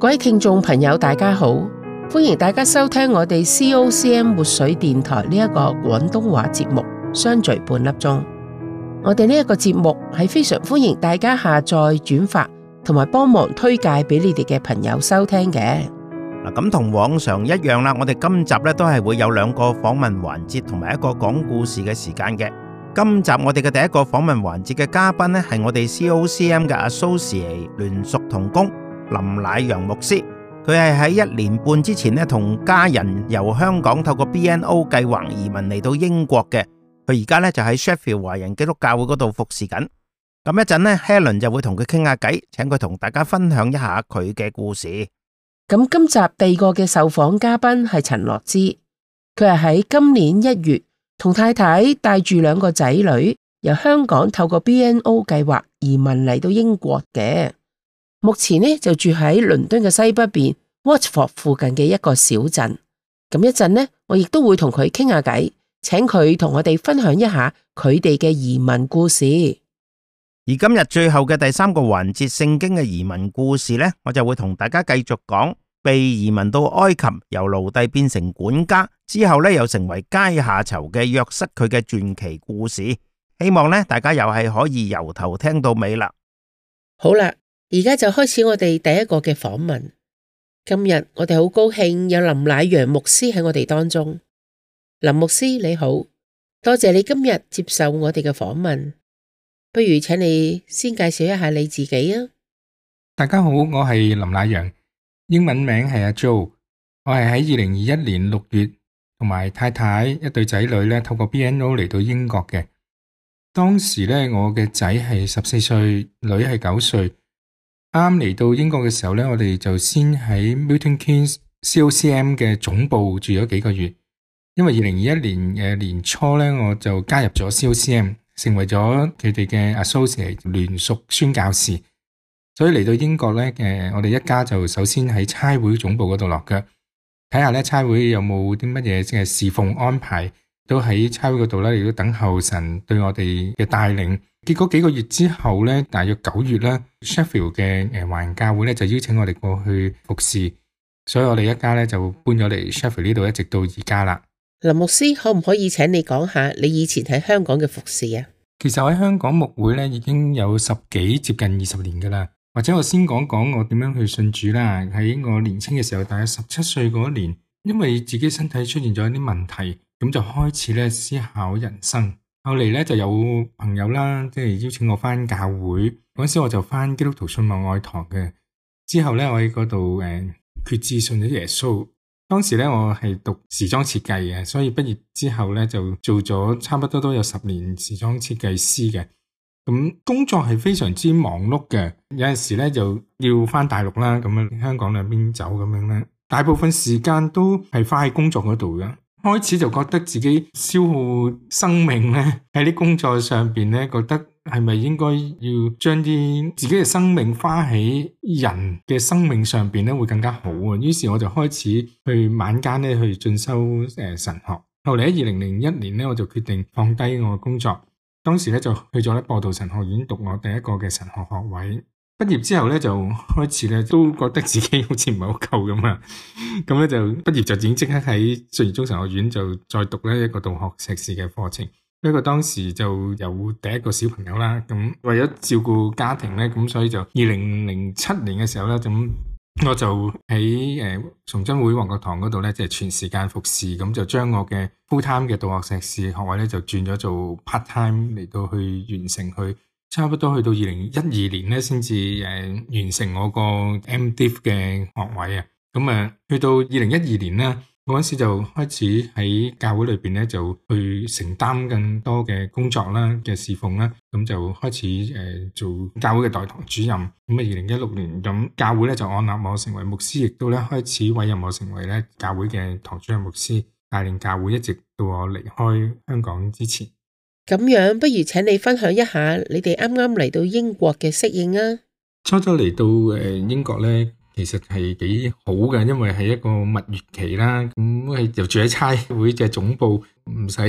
各位聽眾朋友，大家好，歡迎大家收聽我哋 COCM 活水電台呢一個廣東話節目《相聚半粒鐘》。我哋呢一個節目係非常歡迎大家下載、轉發同埋幫忙推介俾你哋嘅朋友收聽嘅。嗱，咁同往常一樣啦，我哋今集呢都係會有兩個訪問環節同埋一個講故事嘅時間嘅。今集我哋嘅第一個訪問環節嘅嘉賓呢係我哋 COCM 嘅 Associate 聯屬同工。林乃揚牧師，佢係喺一年半之前呢同家人由香港透過 BNO 計劃移民嚟到英國嘅。佢而家咧就喺 Sheffield 華人基督教會嗰度服侍緊。咁一陣呢 Helen 就會同佢傾下偈，請佢同大家分享一下佢嘅故事。咁今集第二個嘅受訪嘉賓係陳樂之，佢係喺今年一月同太太帶住兩個仔女由香港透過 BNO 計劃移民嚟到英國嘅。目前呢就住喺倫敦嘅西北邊 Watford 附近嘅一個小鎮。咁一陣呢，我亦都會同佢傾下偈，請佢同我哋分享一下佢哋嘅移民故事。而今日最後嘅第三個環節，聖經嘅移民故事呢，我就會同大家繼續講，被移民到埃及，由奴隸變成管家之後呢，又成為階下囚嘅約瑟佢嘅傳奇故事。希望呢大家又係可以由頭聽到尾啦。好啦。而家就開始我哋第一個嘅訪問。今日我哋好高興有林乃揚牧師喺我哋當中。林牧師你好，多謝你今日接受我哋嘅訪問。不如請你先介紹一下你自己啊？大家好，我係林乃揚，英文名係阿 Joe。我係喺二零二一年六月同埋太太一對仔女咧，透過 BNO 嚟到英國嘅。當時咧，我嘅仔係十四歲，女係九歲。啱嚟到英國嘅時候咧，我哋就先喺 Milton Keynes COCM 嘅總部住咗幾個月，因為二零二一年誒年初咧，我就加入咗 COCM，成為咗佢哋嘅 Associate 聯屬宣教士，所以嚟到英國咧，誒，我哋一家就首先喺差會總部嗰度落腳，睇下咧，差會有冇啲乜嘢即係侍奉安排。都喺差會嗰度咧，亦都等候神對我哋嘅帶領。結果幾個月之後咧，大約九月咧 ，Sheffield 嘅誒華人教會咧就邀請我哋過去服侍，所以我哋一家咧就搬咗嚟 Sheffield 呢度，一直到而家啦。林牧師，可唔可以請你講下你以前喺香港嘅服侍啊？其實我喺香港牧會咧已經有十幾接近二十年噶啦。或者我先講講我點樣去信主啦。喺我年青嘅時候，大約十七歲嗰年，因為自己身體出現咗一啲問題。咁就開始思考人生。後嚟咧就有朋友啦，即係邀請我翻教會嗰時，我就翻基督徒信望愛堂嘅。之後咧，我喺嗰度誒決志信咗耶穌。當時咧，我係讀時裝設計嘅，所以畢業之後咧就做咗差不多都有十年時裝設計師嘅。咁、嗯、工作係非常之忙碌嘅，有陣時咧就要翻大陸啦，咁啊香港兩邊走咁樣咧。大部分時間都係翻喺工作嗰度嘅。開始就覺得自己消耗生命呢，喺啲工作上面呢，覺得係咪應該要將啲自己嘅生命花喺人嘅生命上面呢，會更加好啊！於是我就開始去晚間呢，去進修誒、呃、神學。後嚟喺二零零一年呢，我就決定放低我嘅工作，當時呢，就去咗呢播道神學院讀我第一個嘅神學學位。畢業之後呢，就開始呢都覺得自己好似唔係好夠咁啊。咁 咧、嗯、就畢業就已經即刻喺崇賢中神學院就再讀咧一個道學碩士嘅課程。不過當時就有第一個小朋友啦，咁為咗照顧家庭呢，咁所以就二零零七年嘅時候呢，咁我就喺誒、呃、崇真會旺角堂嗰度呢，就係、是、全時間服侍，咁就將我嘅 full time 嘅道學碩士學位呢，就轉咗做 part time 嚟到去完成佢。差不多去到二零一二年咧，先至完成我個 M.Div 嘅學位啊。咁啊，去到二零一二年咧，我嗰時就開始喺教會裏面咧，就去承擔更多嘅工作啦，嘅侍奉啦。咁就開始做教會嘅代堂主任。咁啊，二零一六年咁教會咧就按立我成為牧師，亦都咧開始委任我成為教會嘅堂主任牧師帶領教會，一直到我離開香港之前。咁樣，不如請你分享一下你哋啱啱嚟到英國嘅適應啊。初初嚟到，誒，英國咧，其實係幾好嘅，因為係一個蜜月期啦。咁、嗯、係又住喺差會嘅總部，唔使，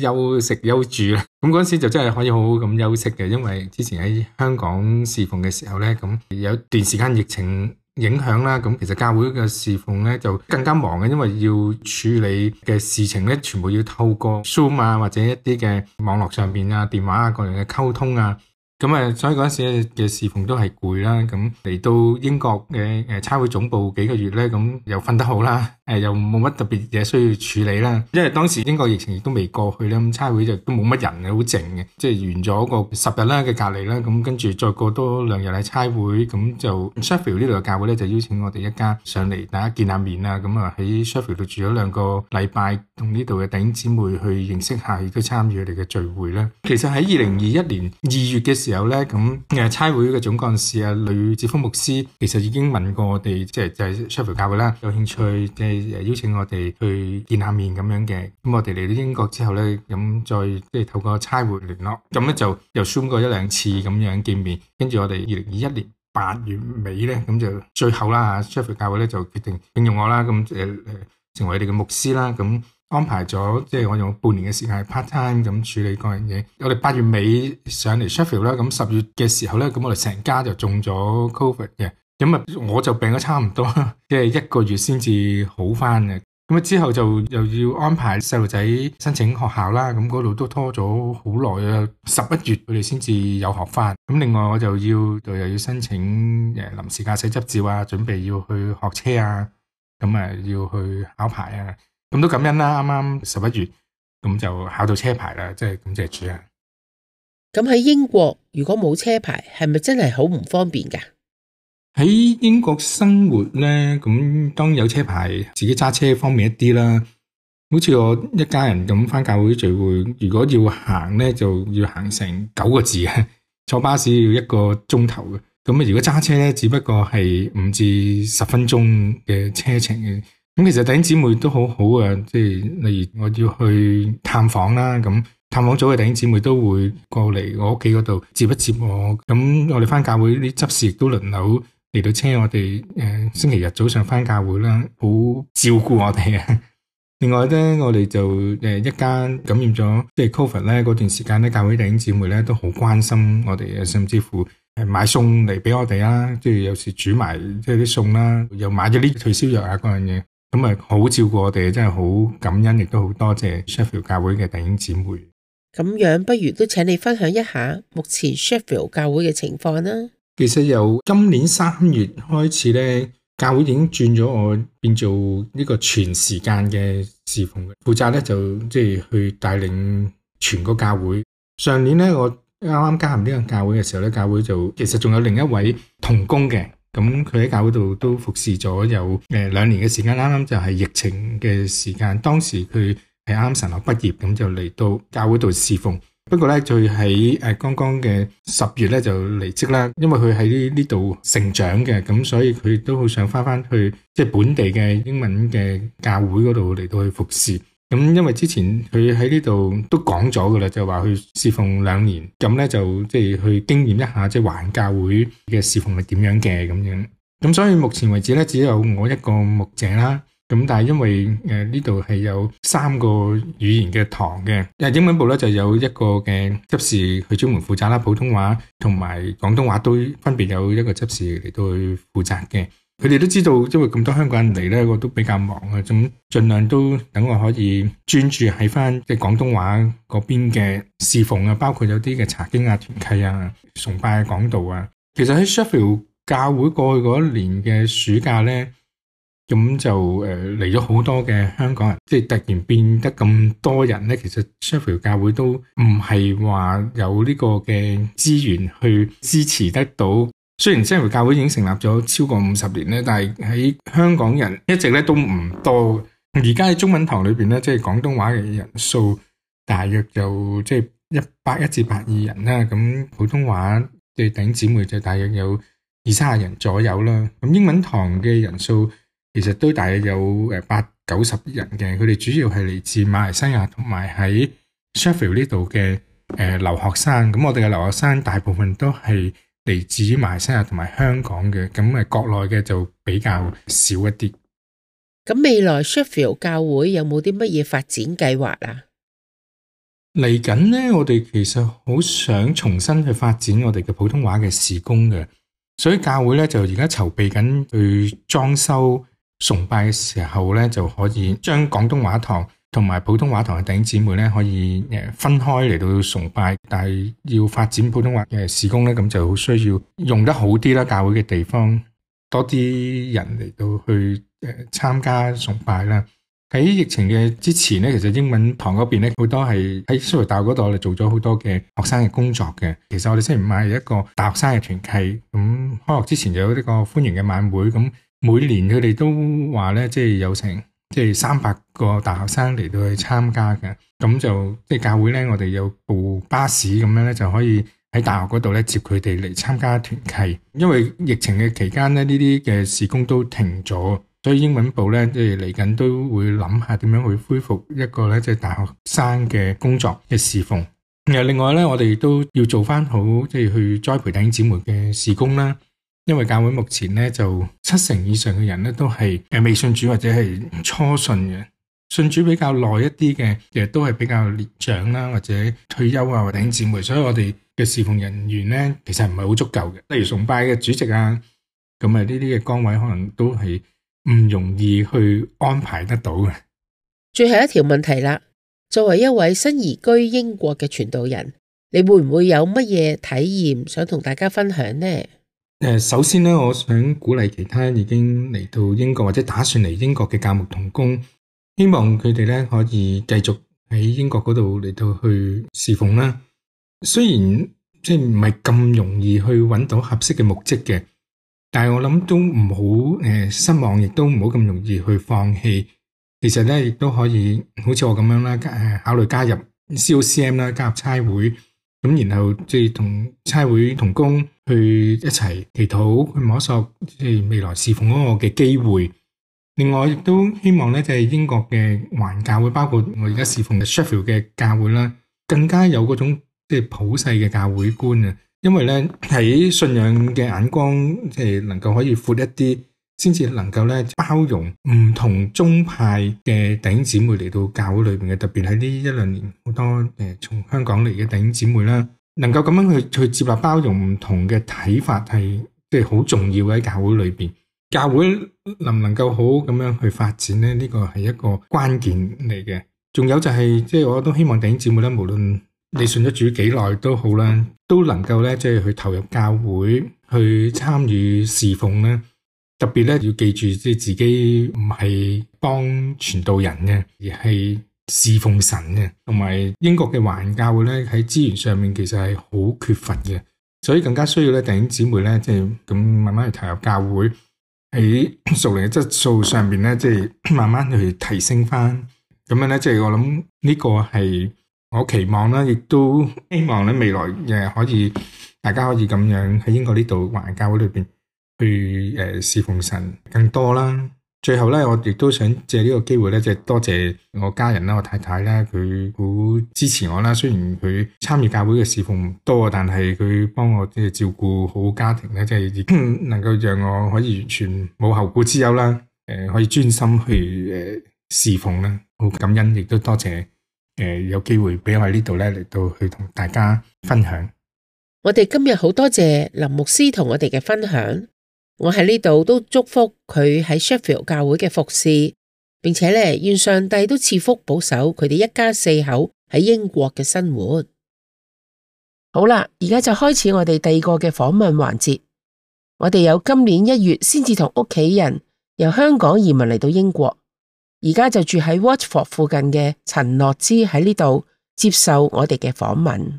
休息休住啦。咁、嗯、嗰時就真係可以好好咁休息嘅，因為之前喺香港侍奉嘅時候咧，咁、嗯、有段時間疫情。影響啦，咁其實教會嘅侍奉咧就更加忙嘅，因為要處理嘅事情咧，全部要透過 Zoom 啊，或者一啲嘅網絡上邊啊、電話啊各樣嘅溝通啊。咁啊、嗯，所以陣時嘅侍奉都係攰啦。咁、嗯、嚟到英國嘅誒差會總部幾個月咧，咁、嗯、又瞓得好啦，誒、呃、又冇乜特別嘢需要處理啦。因為當時英國疫情亦都未過去啦，咁、嗯、差會就都冇乜人嘅，好靜嘅。即係完咗個十日啦嘅隔離啦，咁跟住再過多兩日喺差會，咁、嗯、就 Sheffield 呢度嘅教會咧就邀請我哋一家上嚟，大家見下面啦。咁啊喺 Sheffield 度住咗兩個禮拜，同呢度嘅弟兄姊妹去認識下，亦都參與佢哋嘅聚會啦。其實喺二零二一年二月嘅時候咧，咁誒差會嘅總幹事啊，呂志峯牧師其實已經問過我哋，即係就係 Sheffield 教會啦，有興趣即誒、就係、邀請我哋去見下面咁樣嘅。咁我哋嚟到英國之後咧，咁再即係透過差會聯絡，咁咧就又 Zoom 過一兩次咁樣見面，跟住我哋二零二一年八月尾咧，咁就最後啦嚇，Sheffield 教會咧就決定聘用我啦，咁誒誒成為你哋嘅牧師啦，咁。安排咗，即係我用半年嘅時間去 part time 咁處理各樣嘢。我哋八月尾上嚟 Sheffield 啦，咁十月嘅時候咧，咁我哋成家就中咗 covid 嘅、yeah，咁啊我就病咗差唔多，即係一個月先至好翻嘅。咁啊之後就又要安排細路仔申請學校啦，咁嗰度都拖咗好耐啊。十一月佢哋先至有學翻。咁另外我就要就又要申請誒、yeah, 臨時駕駛執照啊，準備要去學車啊，咁啊要去考牌啊。咁都感恩啦！啱啱十一月，咁就考到車牌啦，即係感謝主啊！咁喺英國，如果冇車牌，係咪真係好唔方便噶？喺英國生活咧，咁當然有車牌，自己揸車方便一啲啦。好似我一家人咁返教會聚會，如果要行咧，就要行成九個字啊！坐巴士要一個鐘頭嘅，咁啊如果揸車咧，只不過係五至十分鐘嘅車程嘅。咁其實弟兄姊妹都好好啊，即係例如我要去探訪啦，咁探訪組嘅弟兄姊妹都會過嚟我屋企嗰度接一接我。咁我哋翻教會啲執事亦都輪流嚟到車我哋，呃，星期日早上翻教會啦，好照顧我哋啊。 另外呢，我哋就一家感染咗即係 Covid 咧嗰段時間咧，教會弟兄姊妹咧都好關心我哋啊，甚至乎誒買餸嚟俾我哋啊，即係有時煮埋即係啲餸啦，又買咗啲退燒藥啊嗰樣嘢。好照顧我哋，真係好感恩，亦都好多謝 Sheffield 教會嘅弟兄姊妹。咁樣，不如都請你分享一下目前 Sheffield 教會嘅情況啦。其實由今年三月開始咧，教會已經轉咗我變做呢個全時間嘅侍奉嘅，負責咧就即係去帶領全個教會。上年咧，我啱啱加入呢個教會嘅時候咧，教會就其實仲有另一位同工嘅。咁佢喺教會度都服侍咗有誒兩年嘅時間，啱啱就係疫情嘅時間，當時佢係啱啱神學畢業，咁就嚟到教會度侍奉。不過咧，他在剛剛的就喺誒剛剛嘅十月咧就離職啦，因為佢喺呢呢度成長嘅，咁所以佢都好想返返去即係、就是、本地嘅英文嘅教會嗰度嚟到去服侍。咁因為之前佢喺呢度都講咗㗎啦，就話去侍奉兩年，咁咧就即係去經驗一下即係環教會嘅侍奉係點樣嘅咁樣。咁所以目前為止咧，只有我一個牧者啦。咁但係因為誒呢度係有三個語言嘅堂嘅，誒英文部咧就有一個嘅執事去專門負責啦，普通話同埋廣東話都分別有一個執事嚟到去負責嘅。佢哋都知道，因為咁多香港人嚟，咧，我都比較忙啊，咁盡量都等我可以專注喺翻即係廣東話嗰邊嘅侍奉啊，包括有啲嘅查經啊、團契啊、崇拜嘅講道啊。其實喺 Sheffield 教會過去嗰一年嘅暑假咧，咁就誒嚟咗好多嘅香港人，即係突然變得咁多人咧。其實 Sheffield 教會都唔係話有呢個嘅資源去支持得到。雖然 Sheffield 教會已經成立咗超過五十年咧，但係喺香港人一直咧都唔多。而家喺中文堂裏邊咧，即係廣東話嘅人數大約有就即係一百一至百二人啦。咁普通話嘅弟兄姊妹就大約有二三十人左右啦。咁英文堂嘅人數其實都大約有誒八九十人嘅。佢哋主要係嚟自馬來西亞同埋喺 Sheffield 呢度嘅誒留學生。咁我哋嘅留學生大部分都係。嚟自埋馬來西亞同埋香港嘅，咁誒國內嘅就比較少一啲。咁未來 Sheffield 教會有冇啲乜嘢發展計劃啊？嚟緊咧，我哋其實好想重新去發展我哋嘅普通話嘅事工嘅，所以教會咧就而家籌備緊去裝修崇拜嘅時候咧，就可以將廣東話堂。同埋普通話堂嘅弟兄姊妹咧，可以誒分開嚟到崇拜，但係要發展普通話嘅事工咧，咁就好需要用得好啲啦。教會嘅地方多啲人嚟到去誒參加崇拜啦。喺疫情嘅之前咧，其實英文堂嗰邊咧好多係喺蘇黎大學嗰度，我哋做咗好多嘅學生嘅工作嘅。其實我哋星期五係一個大學生嘅團契，咁開學之前就有呢個歡迎嘅晚會，咁每年佢哋都話咧，即係有成。即係三百個大學生嚟到去參加嘅，咁就即係教會咧，我哋有部巴士咁樣咧，就可以喺大學嗰度咧接佢哋嚟參加團契。因為疫情嘅期間咧，呢啲嘅事工都停咗，所以英文部咧即係嚟緊都會諗下點樣去恢復一個咧即係大學生嘅工作嘅侍奉。然後另外咧，我哋都要做返好即係去栽培弟兄姊妹嘅事工啦。因為教會目前咧就七成以上嘅人咧都係誒未信主或者係初信嘅，信主比較耐一啲嘅，亦都係比較年長啦、啊、或者退休啊或者姊、姊妹，所以我哋嘅侍奉人員咧其實唔係好足夠嘅，例如崇拜嘅主席啊，咁啊呢啲嘅崗位可能都係唔容易去安排得到嘅。最後一條問題啦，作為一位新移居英國嘅傳道人，你會唔會有乜嘢體驗想同大家分享呢？首先咧，我想鼓勵其他已經嚟到英國或者打算嚟英國嘅教牧同工，希望佢哋咧可以繼續喺英國嗰度嚟到去侍奉啦。雖然即係唔係咁容易去揾到合適嘅牧職嘅，但係我諗都唔好失望，亦都唔好咁容易去放棄。其實咧，亦都可以好似我咁樣啦，考慮加入 COCM 啦，加入差會。咁然後即係同差會同工去一齊祈禱，去摸索未來侍奉嗰個嘅機會。另外亦都希望咧，即係英國嘅環教會，包括我而家侍奉嘅 Sheffield 嘅教會啦，更加有嗰種即係普世嘅教會觀。因為咧喺信仰嘅眼光，即係能夠可以闊一啲。先至能夠咧包容唔同宗派嘅弟兄姊妹嚟到教會裏面嘅，特別喺呢一兩年好多誒，從香港嚟嘅弟兄姊妹啦，能夠咁樣去去接納包容唔同嘅睇法，係即係好重要嘅喺教會裏面。教會能唔能夠好咁樣去發展咧？呢個係一個關鍵嚟嘅。仲有就係即係我都希望弟兄姊妹咧，無論你信咗主幾耐都好啦，都能夠咧即係去投入教會去參與侍奉咧。特別咧要記住，即係自己唔係幫傳道人嘅，而係侍奉神嘅。同埋，英國嘅華人教會咧喺資源上面其實係好缺乏嘅，所以更加需要咧弟兄姊妹咧，即係咁慢慢去投入教會喺屬靈嘅質素上面咧，即係慢慢去提升翻。咁樣咧，即係我諗呢個係我期望啦，亦都希望咧未來誒可以大家可以咁樣喺英國呢度華人教會裏邊。去誒侍奉神更多啦。最後咧，我亦都想借呢個機會咧，即係多謝我家人啦，我太太咧，佢好支持我啦。雖然佢參與教會嘅侍奉唔多，但係佢幫我即係照顧好家庭咧，即係能夠讓我可以完全冇後顧之憂啦。誒，可以專心去誒侍奉啦，好感恩。亦都多謝誒，有機會俾我喺呢度咧嚟到去同大家分享。我哋今日好多謝林牧師同我哋嘅分享。我喺呢度都祝福佢喺 Sheffield 教會嘅服侍，並且呢，願上帝都賜福保守佢哋一家四口喺英國嘅生活。好啦，而家就開始我哋第二個嘅訪問環節。我哋有今年一月先至同屋企人由香港移民嚟到英國，而家就住喺 Watford 附近嘅陳樂之喺呢度接受我哋嘅訪問。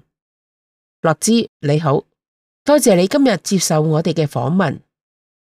樂之你好，多謝你今日接受我哋嘅訪問。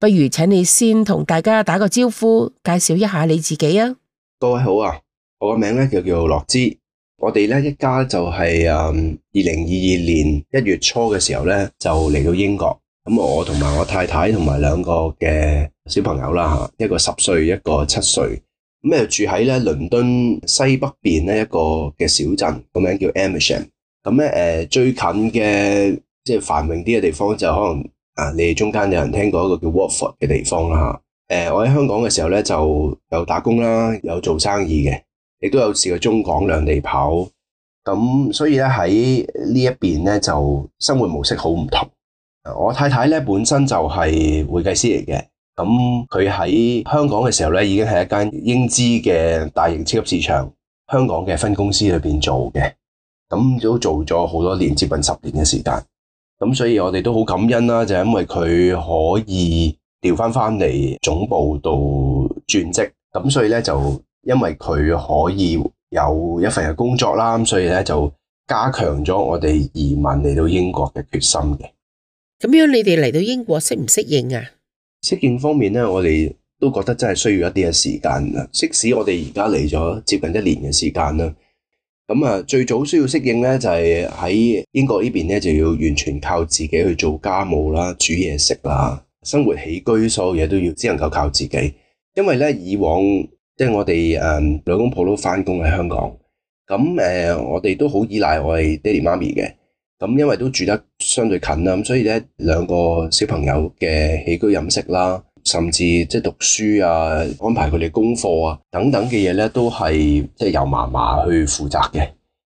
不如請你先同大家打個招呼，介紹一下你自己啊！各位好啊，我個名咧就叫樂之，我哋咧一家就係誒二零二二年一月初嘅時候咧就嚟到英國，咁我同埋我太太同埋兩個嘅小朋友啦嚇，一個十歲，一個七歲，咁誒住喺咧倫敦西北邊咧一個嘅小鎮，個名叫 Amersham，咁咧誒最近嘅即係繁榮啲嘅地方就可能。啊！你哋中間有人聽過一個叫 Watford 嘅地方啦、啊、誒、呃，我喺香港嘅時候呢，就有打工啦，有做生意嘅，亦都有試過中港兩地跑。咁所以呢，喺呢一邊呢，就生活模式好唔同。我太太呢，本身就係會計師嚟嘅，咁佢喺香港嘅時候呢，已經係一間英資嘅大型超級市場香港嘅分公司裏邊做嘅，咁都做咗好多年，接近十年嘅時間。咁所以我哋都好感恩啦，就係因為佢可以調翻翻嚟總部度轉職，咁所以咧就因為佢可以有一份嘅工作啦，咁所以咧就加強咗我哋移民嚟到英國嘅決心嘅。咁樣，你哋嚟到英國適唔適應啊？適應方面呢，我哋都覺得真係需要一啲嘅時間。即使我哋而家嚟咗接近一年嘅時間啦。咁啊，最早需要適應呢，就係、是、喺英國呢邊呢，就要完全靠自己去做家務啦、煮嘢食啦、生活起居所有嘢都要，只能夠靠自己。因為呢，以往即係、就是、我哋誒兩公婆都返工喺香港，咁、呃、我哋都好依賴我哋爹地媽咪嘅。咁、嗯、因為都住得相對近啦，咁所以呢，兩個小朋友嘅起居飲食啦。甚至即係讀書啊、安排佢哋功課啊等等嘅嘢咧，都係即係由嫲嫲去負責嘅。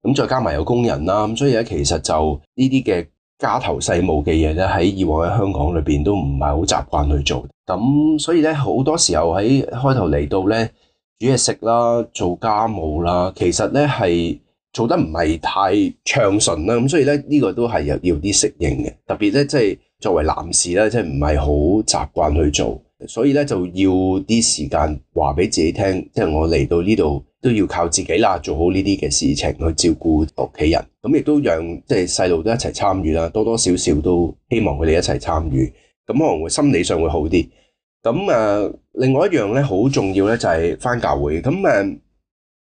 咁再加埋有工人啦、啊，咁所以咧其實就呢啲嘅家頭細務嘅嘢咧，喺以往喺香港裏邊都唔係好習慣去做。咁所以咧好多時候喺開頭嚟到咧煮嘢食啦、做家務啦，其實咧係做得唔係太暢順啦。咁所以咧呢、呢個都係有要啲適應嘅，特別咧即係。就是作為男士呢，即係唔係好習慣去做，所以咧就要啲時間話俾自己聽，即係我嚟到呢度都要靠自己啦，做好呢啲嘅事情去照顧屋企人，咁亦都讓即係細路都一齊參與啦，多多少少都希望佢哋一齊參與，咁可能會心理上會好啲。咁啊，另外一樣咧好重要咧就係翻教會，咁誒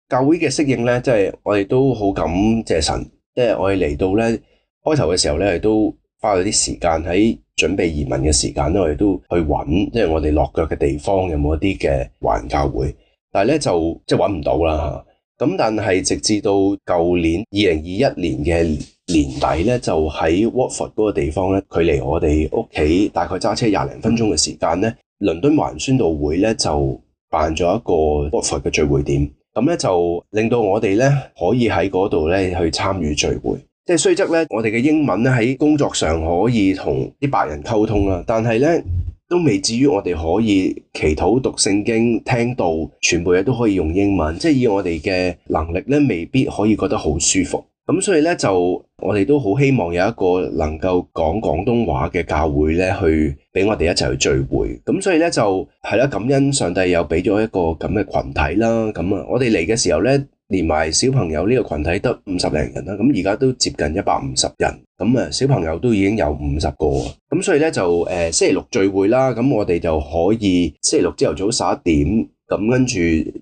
教會嘅適應咧，即係我哋都好感謝神，即係我哋嚟到咧開頭嘅時候咧亦都。花咗啲時間喺準備移民嘅時間，我哋都去揾，即係我哋落腳嘅地方有冇一啲嘅華人教會，但係咧就即係揾唔到啦嚇。咁但係直至到舊年二零二一年嘅年底咧，就喺 Watford 嗰個地方咧，距離我哋屋企大概揸車廿零分鐘嘅時間咧，倫敦華人宣道會咧就辦咗一個 Watford 嘅聚會點，咁咧就令到我哋咧可以喺嗰度咧去參與聚會。即係雖則咧，我哋嘅英文咧喺工作上可以同啲白人溝通啦，但係咧都未至於我哋可以祈禱讀聖經聽到全部嘢，都可以用英文，即以我哋嘅能力咧，未必可以覺得好舒服。咁所以咧就我哋都好希望有一個能夠講廣東話嘅教會咧，去俾我哋一齊去聚會。咁所以呢，就係啦，感恩上帝又俾咗一個咁嘅群體啦。咁我哋嚟嘅時候呢。連埋小朋友呢個群體得五十零人啦，咁而家都接近一百五十人，咁小朋友都已經有五十個，咁所以呢就、呃、星期六聚會啦，咁我哋就可以星期六朝頭早十一點，咁跟住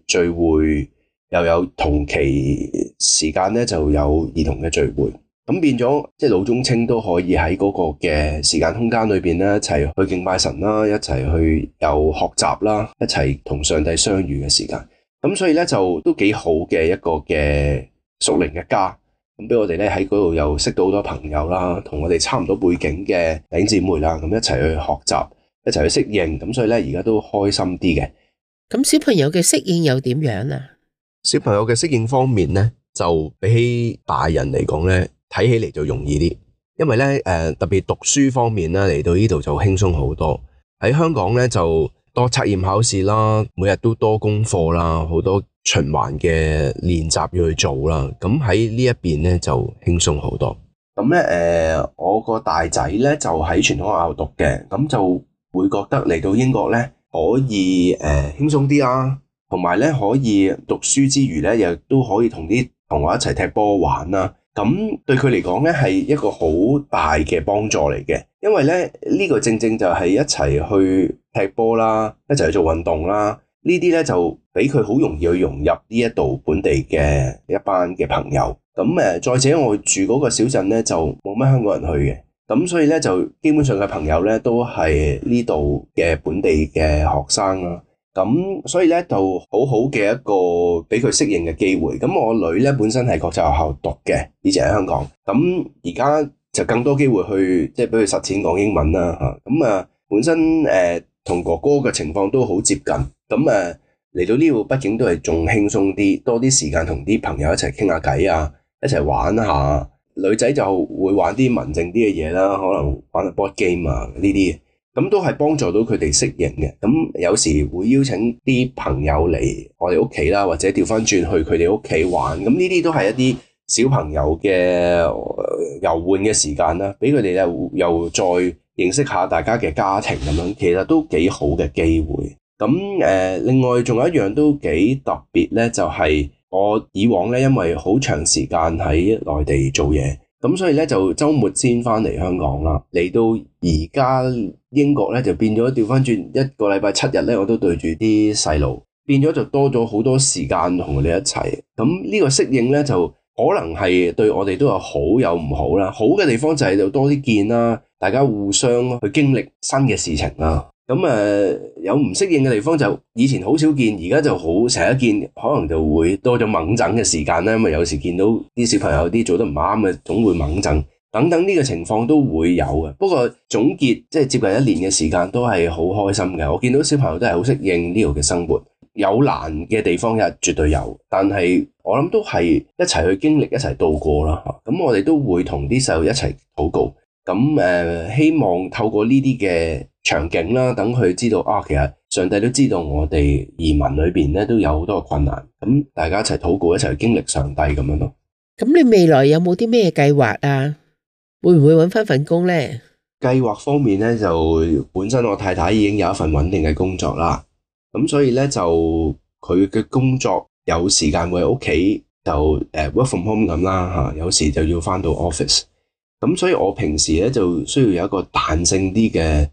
聚會又有同期時間呢就有兒童嘅聚會，咁變咗即、就是、老中青都可以喺嗰個嘅時間空間裏面呢一齊去敬拜神啦，一齊去又學習啦，一齊同上帝相遇嘅時間。咁、嗯、所以、嗯、呢，就都幾好嘅一個嘅屬靈嘅家咁，俾我哋呢喺嗰度又認識到好多朋友啦，同我哋差唔多背景嘅頂姐妹啦，咁、嗯、一齊去學習，一齊去適應。咁、嗯、所以呢，而家都開心啲嘅。咁小朋友嘅適應又點樣啊？小朋友嘅適應方面呢，就比起大人嚟講呢，睇起嚟就容易啲，因為呢，誒、呃、特別讀書方面呢，嚟到呢度就輕鬆好多。喺香港呢，就，多測驗考試啦，每日都多功課啦，好多循環嘅練習要去做啦。咁喺呢一邊咧就輕鬆好多。咁咧誒，我個大仔咧就喺、是、傳統學校讀嘅，咁就會覺得嚟到英國咧可以誒、呃、輕鬆啲啊，同埋咧可以讀書之餘咧，亦都可以同啲同學一齊踢波玩啦。咁對佢嚟講咧，係一個好大嘅幫助嚟嘅，因為咧呢個正正就係一齊去踢波啦，一齊去做運動啦。呢啲呢，就俾佢好容易去融入呢一度本地嘅一班嘅朋友。咁再者我住嗰個小鎮呢，就冇乜香港人去嘅，咁所以呢，就基本上嘅朋友呢，都係呢度嘅本地嘅學生啦、啊。咁所以咧就好好嘅一個俾佢適應嘅機會。咁我女咧本身係國際學校讀嘅，以前喺香港。咁而家就更多機會去即係俾佢實踐講英文啦嚇。咁、啊、本身誒同、呃、哥哥嘅情況都好接近。咁啊嚟到呢度畢竟都係仲輕鬆啲，多啲時間同啲朋友一齊傾下偈啊，一齊玩一下。女仔就會玩啲文靜啲嘅嘢啦，可能玩下 board game 啊呢啲。這些咁都係幫助到佢哋適應嘅，咁有時會邀請啲朋友嚟我哋屋企啦，或者掉返轉去佢哋屋企玩，咁呢啲都係一啲小朋友嘅遊玩嘅時間啦，俾佢哋又再認識下大家嘅家庭咁樣，其實都幾好嘅機會。咁誒，另外仲有一樣都幾特別咧，就係、是、我以往咧，因為好長時間喺內地做嘢。咁所以呢，就周末先返嚟香港啦，嚟到而家英國呢，就變咗掉返轉，一個禮拜七日呢，我都對住啲細路，變咗就多咗好多時間同佢哋一齊。咁呢個適應呢，就可能係對我哋都有好有唔好啦。好嘅地方就係就多啲見啦，大家互相去經歷新嘅事情啦。咁有唔適應嘅地方就以前好少見，而家就好成日見，可能就會多咗猛疹嘅時間。因為有時見到啲小朋友啲做得唔啱嘅，總會猛疹等等呢個情況都會有嘅。不過總結，即係接近一年嘅時間都係好開心嘅。我見到小朋友都係好適應呢度嘅生活，有難嘅地方又絕對有，但係我諗都係一齊去經歷，一齊度過啦。咁我哋都會同啲細路一齊禱告，咁、呃、希望透過呢啲嘅場景啦，等佢知道啊，其實上帝都知道我哋移民裏邊咧都有好多困難，咁大家一齊禱告，一齊去經歷上帝咁樣咯。咁你未來有冇啲咩計劃啊？會唔會搵翻份工咧？計劃方面咧，就本身我太太已經有一份穩定嘅工作啦，咁所以咧就佢嘅工作有時間會喺屋企就誒 work from home 咁啦，吓有時就要翻到 office。咁所以，我平時呢就需要有一個彈性啲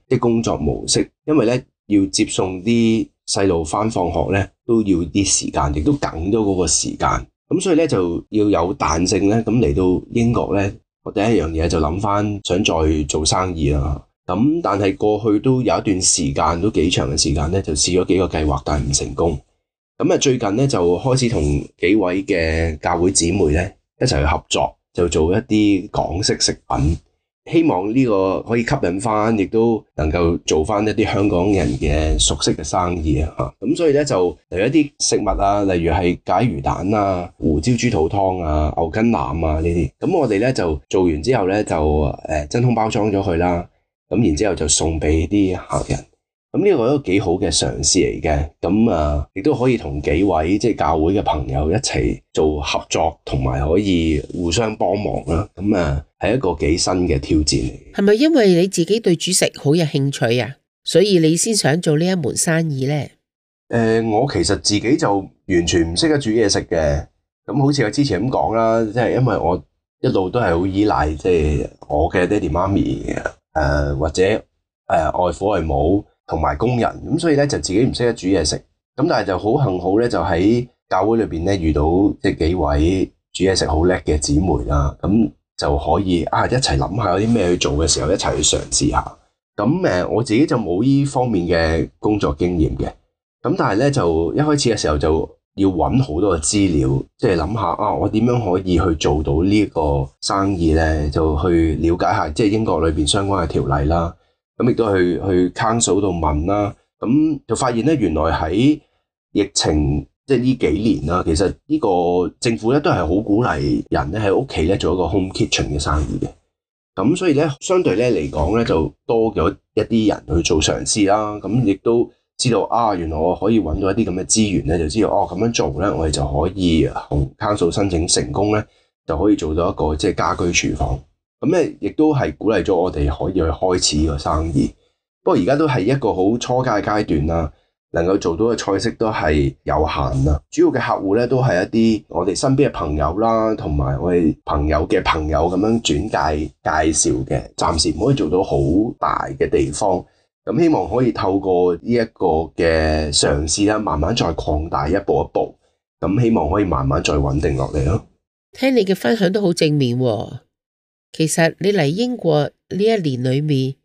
嘅工作模式，因為呢要接送啲細路返放學都要啲時間，亦都緊咗嗰個時間。咁所以呢，就要有彈性呢，咁嚟到英國呢，我第一樣嘢就諗返想，想再做生意啦。咁但係過去都有一段時間都幾長嘅時間呢，就試咗幾個計劃，但係唔成功。咁啊最近呢，就開始同幾位嘅教會姐妹呢一齊去合作。就做一啲港式食品，希望呢個可以吸引翻，亦都能夠做翻一啲香港人嘅熟悉嘅生意啊！咁，所以咧就留一啲食物啊，例如係解魚蛋啊、胡椒豬肚湯啊、牛筋腩啊這些呢啲，咁我哋咧就做完之後呢，就真空包裝咗佢啦，咁然之後就送俾啲客人。咁呢、嗯、個都幾好嘅嘗試嚟嘅，咁、嗯、啊，亦都可以同幾位即係、就是、教會嘅朋友一齊做合作，同埋可以互相幫忙啦。咁、嗯、啊、係、嗯、一個幾新嘅挑戰嚟。係咪因為你自己對煮食好有興趣啊，所以你先想做呢一門生意呢、呃？我其實自己就完全唔識得煮嘢食嘅，咁、嗯、好似我之前咁講啦，即、就、係、是、因為我一路都係好依賴，即係我嘅爹地媽咪或者外父外母。同埋工人咁，所以咧就自己唔識得煮嘢食，咁但係就好幸好咧，就喺教會裏邊咧遇到即係幾位煮嘢食好叻嘅姊妹啦，咁就可以啊一齊諗下有啲咩去做嘅時候，一齊去嘗試下。咁誒，我自己就冇呢方面嘅工作經驗嘅，咁但係咧就一開始嘅時候就要揾好多嘅資料，即係諗下啊，我點樣可以去做到呢一個生意咧？就去了解下即係、就是、英國裏邊相關嘅條例啦。咁亦都去去 council 度問啦，咁就發現咧，原來喺疫情即係呢幾年啦，其實呢個政府咧都係好鼓勵人咧喺屋企咧做一個 home kitchen 嘅生意嘅。咁所以咧，相對咧嚟講咧，就多咗一啲人去做嘗試啦。咁亦都知道啊，原來我可以揾到一啲咁嘅資源咧，就知道哦，咁樣做咧，我哋就可以同 council 申請成功咧，就可以做到一個即係家居廚房。咁咧，亦、嗯、都係鼓勵咗我哋可以去開始個生意。不過而家都係一個好初階嘅階段啦，能夠做到嘅菜式都係有限啊。主要嘅客戶咧都係一啲我哋身邊嘅朋友啦，同埋我哋朋友嘅朋友咁樣轉介介紹嘅。暫時唔可以做到好大嘅地方。咁、嗯、希望可以透過呢一個嘅嘗試啦，慢慢再擴大一步一步。咁、嗯、希望可以慢慢再穩定落嚟咯。聽你嘅分享都好正面喎、哦。其實你嚟英國呢一年裏面，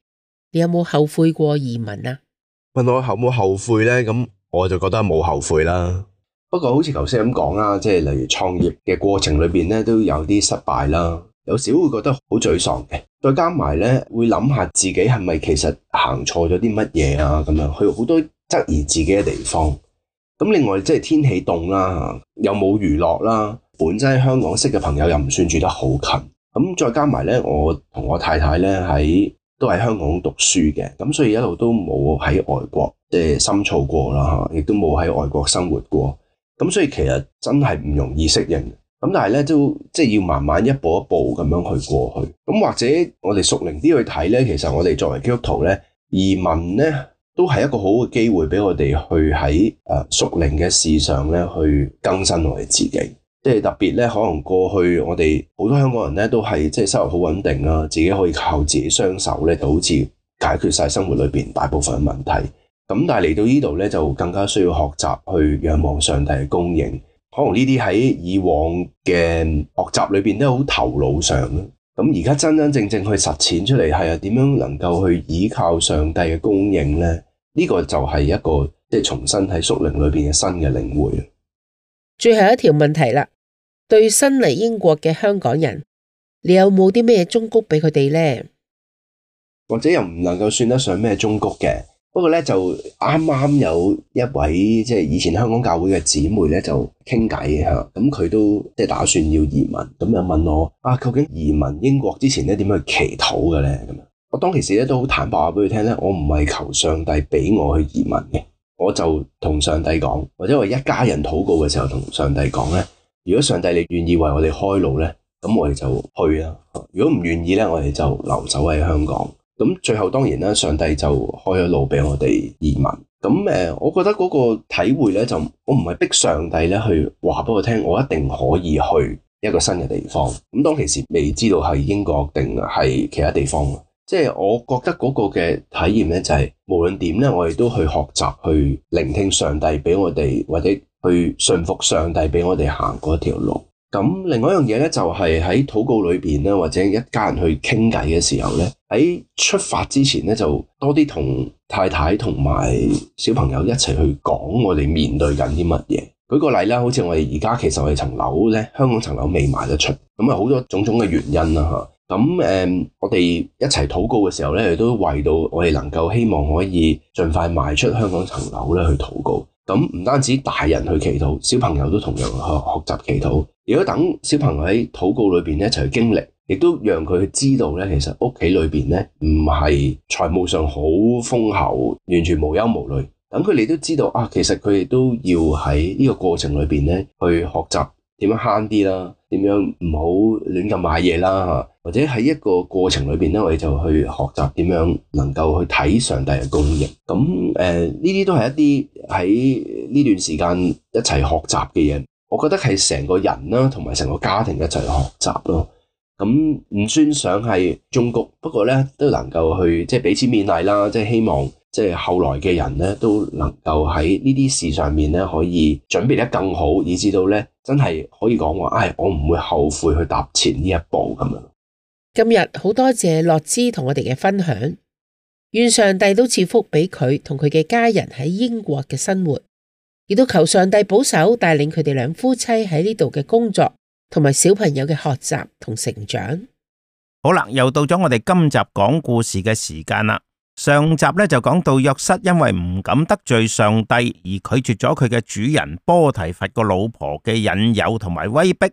你有冇後悔過移民啊？問我有冇後悔呢，咁我就覺得冇後悔啦。 不過好似頭先咁講啦，即係例如創業嘅過程裏面咧，都有啲失敗啦，有少會覺得好沮喪嘅。再加埋呢，會諗下自己係咪其實行錯咗啲乜嘢啊？咁樣去好多質疑自己嘅地方。咁另外即係天氣凍啦，又冇娛樂啦，本身喺香港識嘅朋友又唔算住得好近。咁再加埋呢，我同我太太呢都喺香港讀書嘅，咁所以一路都冇喺外國即係深造過啦嚇，亦都冇喺外國生活過，咁所以其實真係唔容易適應。咁但係呢，都即係要慢慢一步一步咁樣去過去。咁或者我哋屬靈啲去睇呢，其實我哋作為基督徒呢，移民呢，都係一個好嘅機會俾我哋去喺誒屬靈嘅事上呢，去更新我哋自己。即係特別咧，可能過去我哋好多香港人咧，都係即係收入好穩定啊，自己可以靠自己雙手咧，就好似解決晒生活裏邊大部分嘅問題。咁但係嚟到呢度咧，就更加需要學習去仰望上帝嘅供應。可能呢啲喺以往嘅學習裏邊都好頭腦上咯。咁而家真真正正去實踐出嚟，係啊，點樣能夠去依靠上帝嘅供應咧？呢個就係一個即係重新喺屬靈裏邊嘅新嘅領會。最後一條問題啦。對新嚟英國嘅香港人，你有冇啲咩忠告俾佢哋呢？或者又唔能夠算得上咩忠告嘅。不過呢，就啱啱有一位即係、就是、以前香港教會嘅姐妹呢，就傾偈吓，佢都打算要移民，咁又問我、啊、究竟移民英國之前咧，點樣祈禱嘅呢？我當其時都好坦白啊，俾佢聽，我唔係求上帝俾我去移民嘅，我就同上帝講，或者我一家人禱告嘅時候同上帝講如果上帝你願意為我哋開路呢，咁我哋就去啦。如果唔願意呢，我哋就留守喺香港。咁最後當然啦，上帝就開咗路俾我哋移民。咁我覺得嗰個體會呢，就我唔係逼上帝呢去話俾我聽，我一定可以去一個新嘅地方。咁當其時未知道係英國定係其他地方嘅，即係我覺得嗰個嘅體驗呢，就係無論點咧，我哋都去學習去聆聽上帝俾我哋或者，去順服上帝俾我哋行嗰條路。咁另外一樣嘢咧，就係喺禱告裏面咧，或者一家人去傾偈嘅時候呢，喺出發之前呢，就多啲同太太同埋小朋友一齊去講我哋面對緊啲乜嘢。舉個例啦，好似我哋而家其實係層樓呢，香港層樓未賣得出，咁啊好多種種嘅原因啦吓。咁誒，我哋一齊禱告嘅時候呢，咧，亦都為到我哋能夠希望可以盡快賣出香港層樓呢，去禱告。咁唔單止大人去祈禱，小朋友都同樣去學習祈禱。如果等小朋友喺禱告裏面一齊去經歷，亦都讓佢知道咧，其實屋企裏邊咧唔係財務上好豐厚，完全無憂無慮。等佢哋都知道啊，其實佢哋都要喺呢個過程裏面呢去學習。省點樣慳啲啦？點樣唔好亂咁買嘢啦？或者喺一個過程裏面咧，我哋就去學習點樣能夠去睇上帝嘅供應。咁誒，呢、呃、啲都係一啲喺呢段時間一齊學習嘅嘢。我覺得係成個人啦，同埋成個家庭一齊學習咯。咁唔算想係忠告，不過呢，都能夠去即係彼此勉勵啦，即係希望。即係後來嘅人咧，都能夠喺呢啲事上面咧，可以準備得更好，以至到咧真係可以講話，唉、哎，我唔會後悔去踏前呢一步咁樣。今日好多謝樂之同我哋嘅分享，願上帝都賜福俾佢同佢嘅家人喺英國嘅生活，亦都求上帝保守帶領佢哋兩夫妻喺呢度嘅工作同埋小朋友嘅學習同成長。好啦，又到咗我哋今集講故事嘅時間啦。上集咧就講到約瑟因為唔敢得罪上帝，而拒絕咗佢嘅主人波提佛個老婆嘅引誘同埋威逼，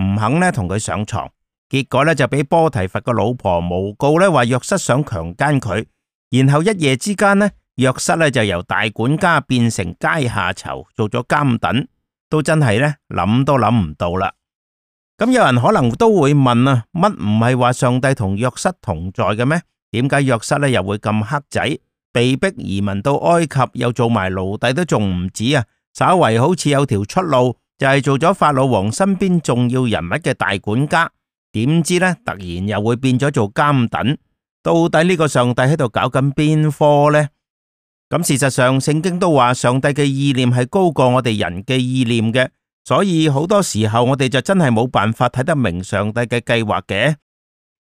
唔肯咧同佢上床。結果咧就俾波提佛個老婆誣告咧話約瑟想強姦佢，然後一夜之間呢，約瑟咧就由大管家變成階下囚，做咗監躉。都真係咧諗都諗唔到啦。咁有人可能都會問啊，乜唔係話上帝同約瑟同在嘅咩？點解約瑟咧又會咁黑仔，被逼移民到埃及又做埋奴隸都仲唔止啊？稍為好似有條出路就係、是、做咗法老王身邊重要人物嘅大管家，點知咧突然又會變咗做監躉。到底呢個上帝喺度搞緊邊科呢？咁事實上聖經都話上帝嘅意念係高過我哋人嘅意念嘅，所以好多時候我哋就真係冇辦法睇得明上帝嘅計劃嘅。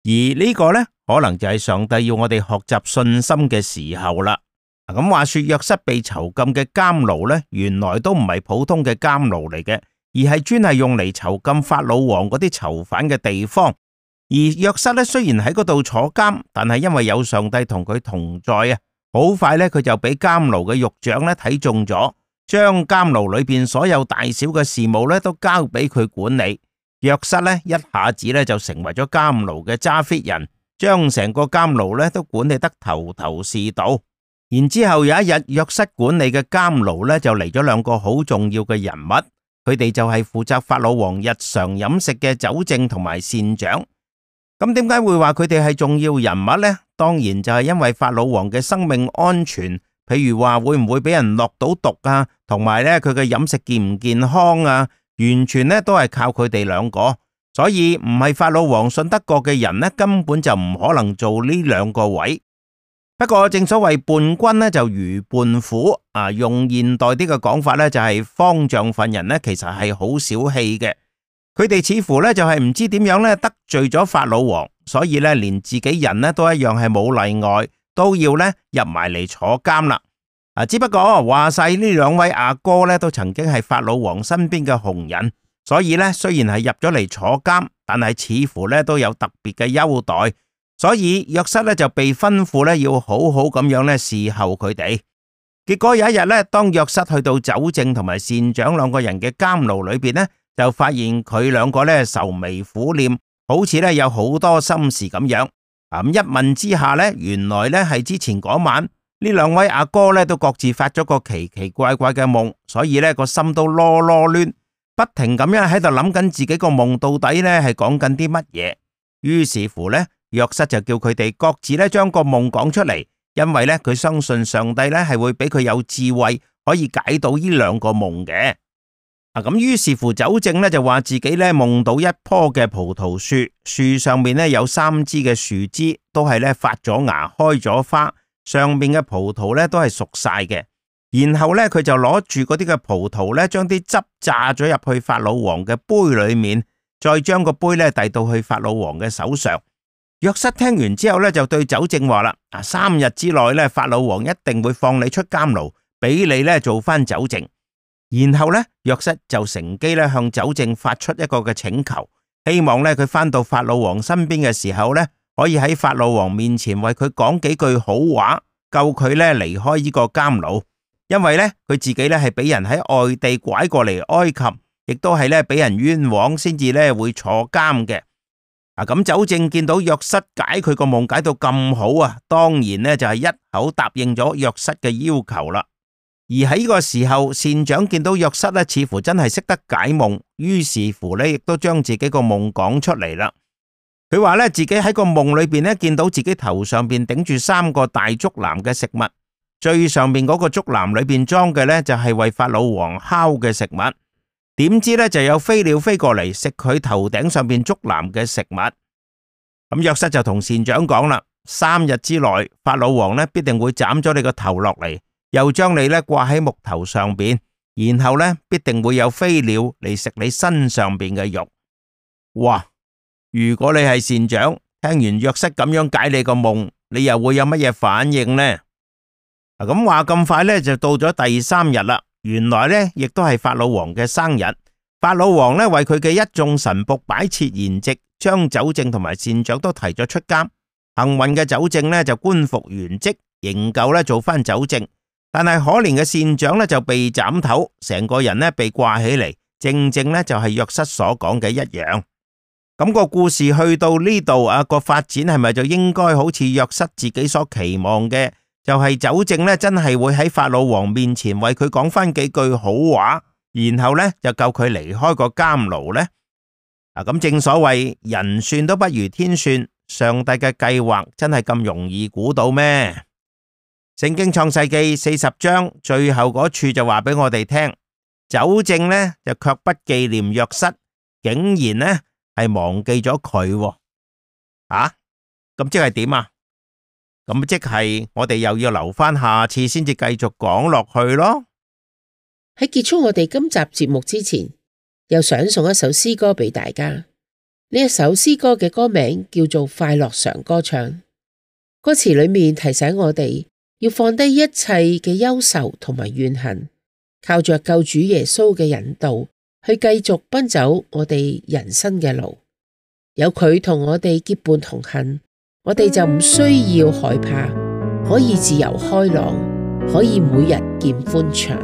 而呢個呢，可能就係上帝要我哋學習信心嘅時候啦。咁、啊、話說，約瑟被囚禁嘅監牢呢，原來都唔係普通嘅監牢嚟嘅，而係專係用嚟囚禁法老王嗰啲囚犯嘅地方。而約瑟呢，雖然喺嗰度坐監，但係因為有上帝同佢同在啊，好快呢，佢就俾監牢嘅獄長呢睇中咗，將監牢裏邊所有大小嘅事務呢，都交俾佢管理。約瑟咧，一下子咧就成為咗監牢嘅揸 fit 人，將成個監牢咧都管理得頭頭是道。然之後有一日，約瑟管理嘅監牢咧就嚟咗兩個好重要嘅人物，佢哋就係負責法老王日常飲食嘅酒政同埋膳長。咁點解會話佢哋係重要人物呢？當然就係因為法老王嘅生命安全，譬如話會唔會俾人落到毒啊，同埋咧佢嘅飲食健唔健康啊？完全咧都係靠佢哋兩個，所以唔係法老王信得過嘅人咧，根本就唔可能做呢兩個位。不過正所謂伴君咧就如伴虎啊，用現代啲嘅講法咧就係方丈份人咧，其實係好小氣嘅。佢哋似乎咧就係唔知點樣咧得罪咗法老王，所以咧連自己人咧都一樣係冇例外，都要咧入埋嚟坐監啦。啊，只不過話晒呢兩位阿哥咧，都曾經係法老王身邊嘅紅人，所以咧雖然係入咗嚟坐監，但係似乎咧都有特別嘅優待，所以約瑟咧就被吩咐咧要好好咁樣咧伺候佢哋。結果有一日咧，當約瑟去到酒政同埋膳長兩個人嘅監牢裏邊咧，就發現佢兩個咧愁眉苦臉，好似咧有好多心事咁樣。咁一問之下咧，原來咧係之前嗰晚。呢兩位阿哥咧都各自發咗個奇奇怪怪嘅夢，所以咧個心都囉囉攣，不停咁樣喺度諗緊自己個夢到底咧係講緊啲乜嘢。於是乎呢約瑟，就叫佢哋各自咧將個夢講出嚟，因為咧佢相信上帝咧係會俾佢有智慧可以解到呢兩個夢嘅。嗱、啊、咁，於是乎，酒政咧就話自己咧夢到一棵嘅葡萄樹，樹上面咧有三枝嘅樹枝都係咧發咗芽，開咗花，上面嘅葡萄咧都係熟晒嘅，然後咧佢就攞住嗰啲嘅葡萄咧，將啲汁榨咗入去法老王嘅杯裏面，再將個杯咧遞到去法老王嘅手上。約瑟聽完之後咧，就對酒政話啦：啊，三日之內咧，法老王一定會放你出監牢，俾你咧做翻酒政。然後咧，約瑟就乘機咧向酒政發出一個嘅請求，希望咧佢翻到法老王身邊嘅時候咧，可以喺法老王面前為佢講幾句好話，救佢咧離開呢個監牢，因為咧佢自己咧係俾人喺外地拐過嚟埃及，亦都係咧俾人冤枉先至咧會坐監嘅。啊咁，酒政見到約瑟解佢個夢解到咁好啊，當然呢就係一口答應咗約瑟嘅要求啦。而喺呢個時候，膳長見到約瑟咧，似乎真係識得解夢，於是乎呢亦都將自己個夢講出嚟啦。佢話咧，自己喺個夢裏邊咧，見到自己頭上邊頂住三個大竹籃嘅食物，最上面嗰個竹籃裏邊裝嘅咧就係為法老王烤嘅食物。點知咧就有飛鳥飛過嚟食佢頭頂上邊竹籃嘅食物。咁約瑟就同膳長講啦，三日之內法老王咧必定會斬咗你個頭落嚟，又將你咧掛喺木頭上邊，然後咧必定會有飛鳥嚟食你身上邊嘅肉。哇！如果你係善長，聽完約瑟咁樣解你個夢，你又會有乜嘢反應呢？啊，咁話咁快呢就到咗第三日啦。原來呢亦都係法老王嘅生日。法老王呢為佢嘅一眾神僕擺設筵席，將酒政同埋善長都提咗出監。幸運嘅酒政呢就官復原職，仍舊呢做翻酒政。但係可憐嘅善長呢就被斬頭，成個人呢被掛起嚟，正正呢就係、是、約瑟所講嘅一樣。咁個故事去到呢度啊，個發展係咪就應該好似約瑟自己所期望嘅？就係、是、酒政呢，真係會喺法老王面前為佢講翻幾句好話，然後呢，就救佢離開個監牢呢。啊！咁正所謂人算都不如天算，上帝嘅計劃真係咁容易估到咩？聖經創世記四十章最後嗰處就話俾我哋聽，酒政呢，就卻不紀念約，約瑟，竟然呢。」係忘記咗佢啊！咁即係點啊？咁即係、啊、我哋又要留翻下次先至繼續講落去咯。喺結束我哋今集節目之前，又想送一首詩歌俾大家。呢一首詩歌嘅歌名叫做《快樂常歌唱》，歌詞裏面提醒我哋要放低一切嘅憂愁同埋怨恨，靠着救主耶穌嘅引導。去繼續奔走我哋人生嘅路，有佢同我哋結伴同行，我哋就唔需要害怕，可以自由開朗，可以每日見歡暢。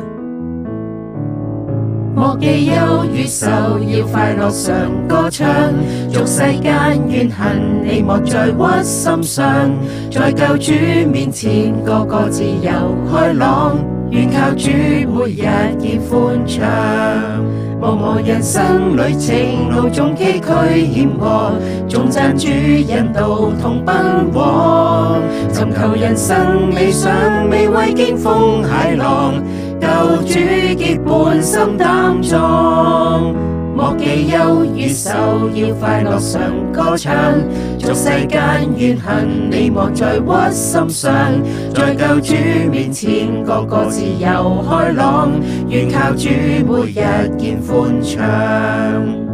莫記憂與愁，要快樂常歌唱。俗世間怨恨，你莫再鬱心上，在救主面前個個自由開朗，願靠主每日見歡暢。茫茫人生旅程，路縱崎嶇險惡，頌讚主引導同奔往。尋求人生理想，未畏驚風駭浪，救主結伴心膽壯。莫記憂與愁，要快樂常歌唱。俗世間怨恨，你莫再鬱心上。在救主面前，個個自由開朗，願靠主每日見歡暢。